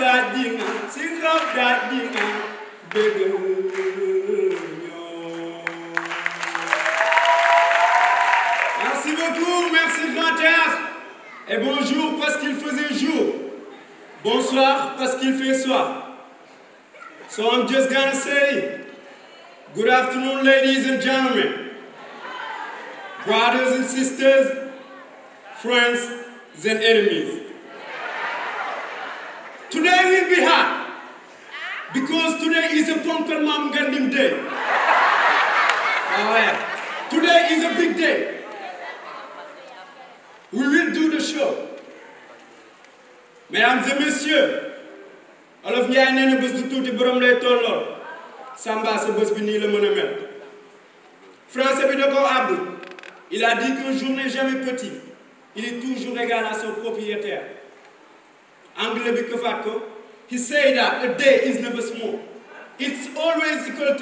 daa dinga si ngaw daa dinga bëgg ñoo merci beaucoup merci grand théâtre et bonjour parce qu'il faisait jour bonsoir parce qu'il fait soir so I'm just gonna say good afternoon ladies and gentlemen brothers and sisters friends and enemies Fonkel Mame Ngandim Day. Alright. Ah Today is a big day. We will do the show. Mesdames et messieurs, Olof Ndiaye nee na bés du tuuti borom lay Samba sa bés bi nii la mën a bi da koo il a dit qu'un jour n'est jamais petit il est toujours égal à son anglais bi këfaat ko he say that a day is never small always equal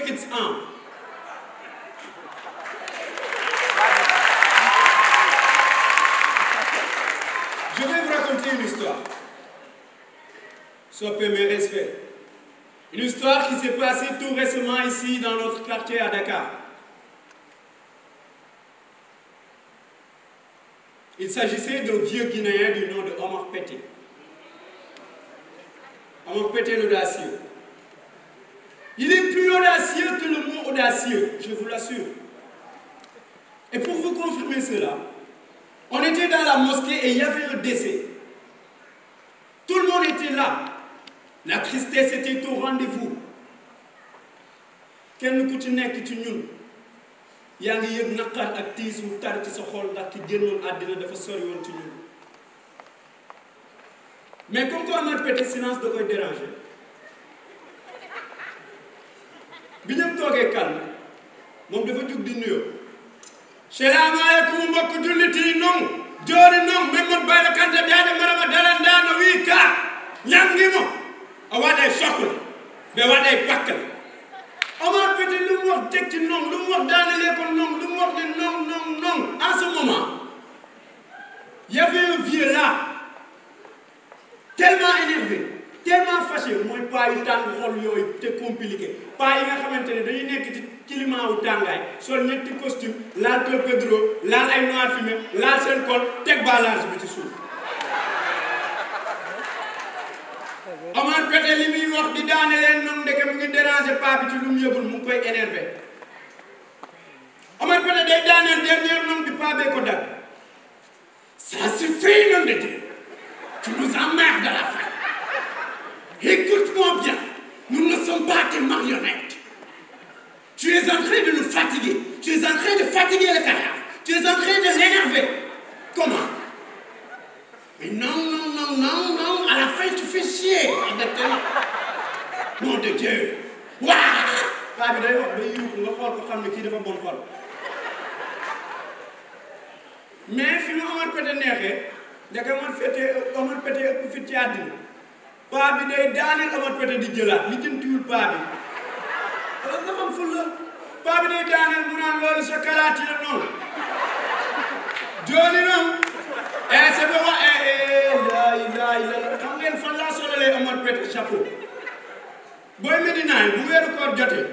Je vais vous raconter une histoire. Sois peu mes respects. Une histoire qui s'est passée tout récemment ici dans notre quartier à Dakar. Il s'agissait d'un vieux Guinéen du nom de Omar Pété. Omar Pété Il est plus audacieux que le mot audacieux, je vous l'assure. Et pour vous confirmer cela, on était dans la mosquée et il y avait un décès. Tout le monde était là. La tristesse était au rendez-vous. kenn ku ci nekk ci ñun yaa ngi yëg naqar ak tiis wu tar ci sa xol ndax ki génnoon àddina dafa sori woon ci ñun mais comme quoi on a pété silence da koy déranger. bi ñëpp toogee calme moom dafa jug di nuyoo salaamaaleykum mbokk jullit yi noonu joori noonu Mamadou Bayla Kante jaade marama dara ndaano wii kaa ñangi mo a waɗay sohla ɓe waɗay bakkal omar piti lu mu wax teg ci lu mu wax daanalee ko lu mu wax ne noonu noonu noonu en ce moment y avait un vieux là tellement énervé tellement fâché mooy paa yu tàng xol yooyu te compliqué paa yi nga xamante ne dañuy nekk ci climat wu tàngaay sol ñetti costume laal Kër Pedro laal ay noir fumé laal seen col teg balance bi ci suuf. Omar Pete li muy wax di daane leen noonu ndeke mu ngi déranger paa bi ci lu mu yëgul mu ngi koy énervé Omar Pete day daaneel dernier noonu di paa bee ko dab ça suffit noonu de Dieu tu nous emmerdes à la Écoute-moi bien, nous ne sommes pas tes marionnettes. Tu es en de nous fatiguer. Tu es en de fatiguer le cadavre. Tu es en train de l'énerver. Comment Mais non, non, non, non, à la fin tu fais chier. Nom Dieu. Waouh paa bi day wax day yuuxu nga xool ko xam ne kii dafa bon xol mais fi ma Omar neexee ndeke Omar Pété Omar Pété ëpp fit ci àddina paa bi day daaneel amat pete di jëlaat li jëntiwul paa bi loolu nga xam ful la paa bi day daaneel mu naan sa kalaati la noonu jooni noonu eh c'est bon eh, eh la xam ngeen fan laa solalee amat pete chapeau booy Medina bu weeru koor jotee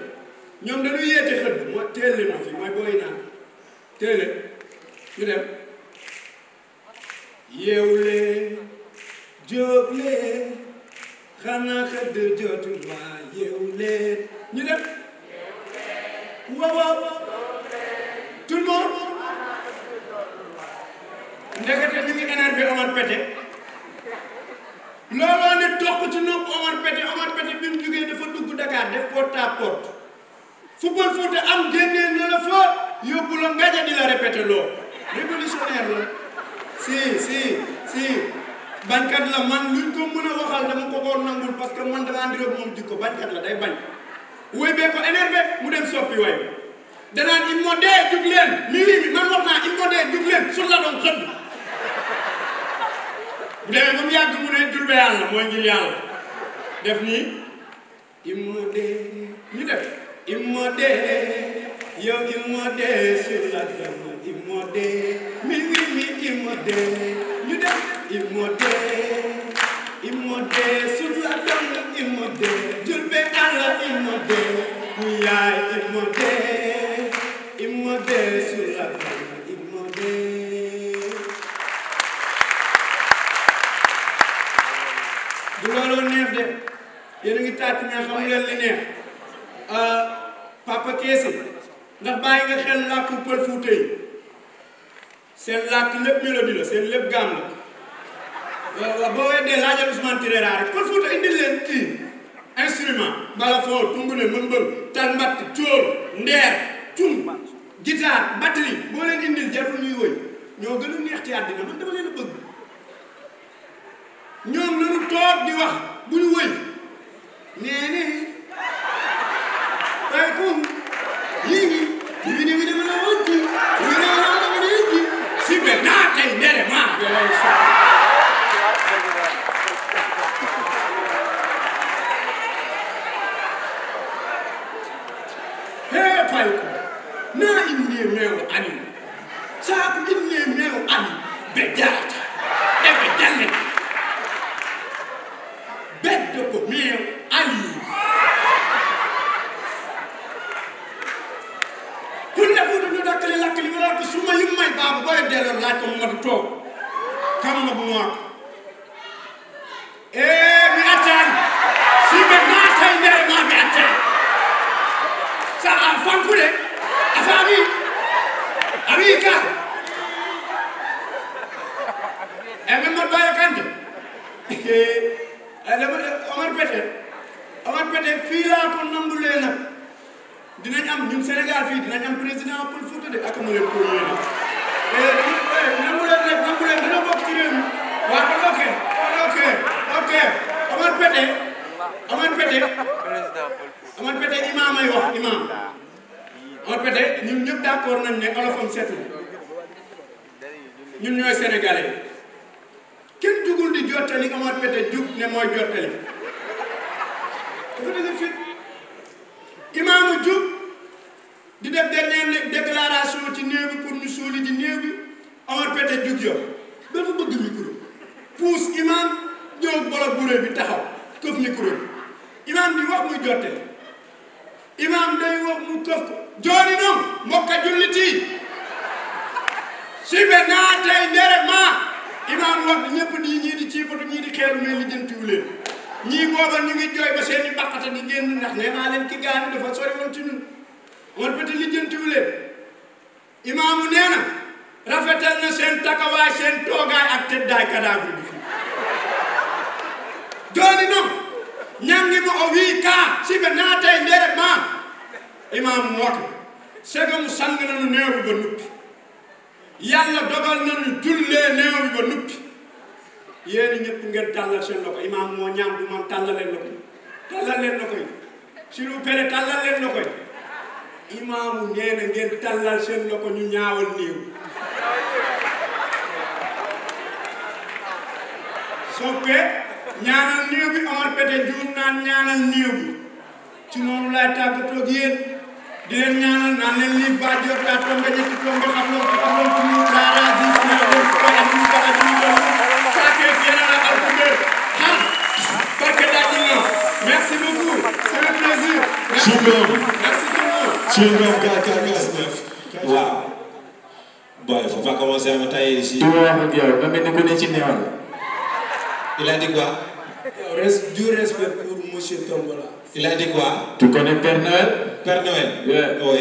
ñoom dañuy yéete xët mooy teel leen fi mooy booy naan teel leen ñu dem yeewu xanaa xëdd jotul waa yeewu leen ñu def waaw waaw tout le monde ndekete ñu ne toq ci nopp Omar Pété Omar bi mu jógee dafa dugg Dakar def porte à porte football foot am génnee ne la fa yóbbu la ngaja di la répété loo révolutionnaire la si si si bankat la man luñ ko parce que man damaa ndiroo moom jikko bañkat day bañ woy bee ko énervé mu dem soppi way danaan il dee jug leen miri mi man wax naa dee jug leen sur la bu demee moom yàgg mu ne jurbe yàlla mooy ngir yàlla def nii il dee ñu def il dee yow il dee sur la doon moo dee mi mi mi il dee ñu def il dee du looloo neex de yéen a ngi tàcc mais xamu leen li neex euh, papa Keese ndax bàyyi nga xel làkk pël Fuuta yi seen làkk lépp mélodie la seen lépp gaam la waaw euh, boo weddee laajal Ousmane Tiréra rek pël Fuuta indil leen kii instrument mbala foo tungune mëmbël tal mbatt cóor ndeer cung guitare batterie boo leen indil jarul ñuy woy ñoo gën neex ci àddina man dama leen bëgg ñoom lañu toog di wax bu ñu woy nee ɓayko na inde mewo ani saako inde mewo ani ɓe jaata eɓe jalle beddo ko mewo ali hunde fuude no dakkale lakkali wona ko suma yummay baaba boye delor laaj ko mamadou toog kamma bo maako e fonkude a faami a wii ka e Mamadou Bayo Kanté dama Omar Pete Omar Pete fii laa ko nangu leen nag dinañ am ñun Sénégal fii dinañ am président pour Fouta de ak mu leen pour mu leen eh, eh, nangu leen nag nangu leen dina bokk ci réew mi waaw kon ok ok ok Omar Pete Omar Pete Omar Pete imaam ay wax imaam répété ñun ñëpp d'accord ñooy sénégalais kenn jugul di jottali Omar Pete jug ne mooy jottali dafa dëgg fit imaamu jug di def dernière déclaration ci néew bi pour ñu suuli ci néew bi Omar Pete jug yow dafa bëgg micro puus imaam ñëw bolo buré bi taxaw këf micro bi imaam di wax muy jottali imaam day wax mu këf joni noon mokka julliti siɓe naata e ndere ma imam wonɓe ñeppo ɗi ñiidi ciifoto ñiidi keeru men lijjanti wulen ñii booba ñu ngi jooy ba seeni bakkata di génn ndax nee naa leen ki gaani dafa sori woon ci ñun won peti lijjanti wulen imaamu nee na na seen takawaay seen toogaay ak tëddaay cadavre bi fi joni noon ñangi mo o wii kaa siɓe naata e ndere ma imaam mootu segam sang nañu néew bi ba nuppi yàlla dogal nañu jullee néew bi ba nuppi yéen ñëpp ngeen tàllal seen loxo imaam moo ñaan du tàllal leen loxo yi tàllal leen loxo yi s'il vous plaît yi imaamu nee ñaanal néew bi Omar Pete Diouf naan ñaanal néew bi ci noonu laay tàggatoo ak yéen di leen ñaanal naan leen lii ba jot daa tombe ñetti tombe xam loo ko xam loo ko ñu daara di ñaan ko ko la ci daara di ñu sa ke fiena la al kubé ha barke daa di ñu merci beaucoup c'est un plaisir Sungom merci beaucoup Sungom ka ka gas def waaw boy faut pas commencer à me tailler ici wax ak yow nga mel ni ku ne ci néewal il a dit quoi du respect pour monsieur Tombola Il a dit quoi Tu connais Père Noël Père Noël yeah. Oui.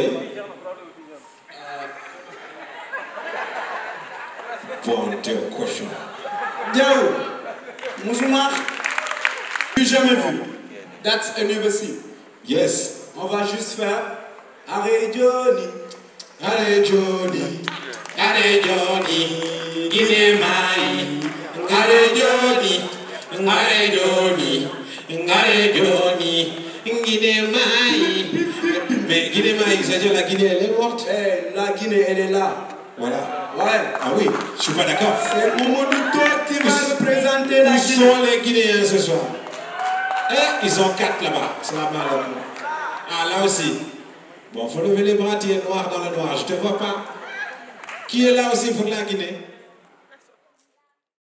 Bon Dieu, cochon. Dieu Musulman Plus jamais vu. That's anniversary. Yes. On va juste faire Allez Johnny. Allez Johnny. Allez Johnny. Guinée Maï. Allez Johnny. Allez Johnny. ngare joni guine maayi mais guine maayi c'est-à-dire la Guinée elle e, la Guinée elle est là voilà ouais ah oui je suis pas d'accord c'est Mamadou Tall qui va représenter la Guinée eh, ils ont la main ah là aussi bon faut lever les bras tu es noir dans le noir te vois pas qui est là aussi pour la Guinée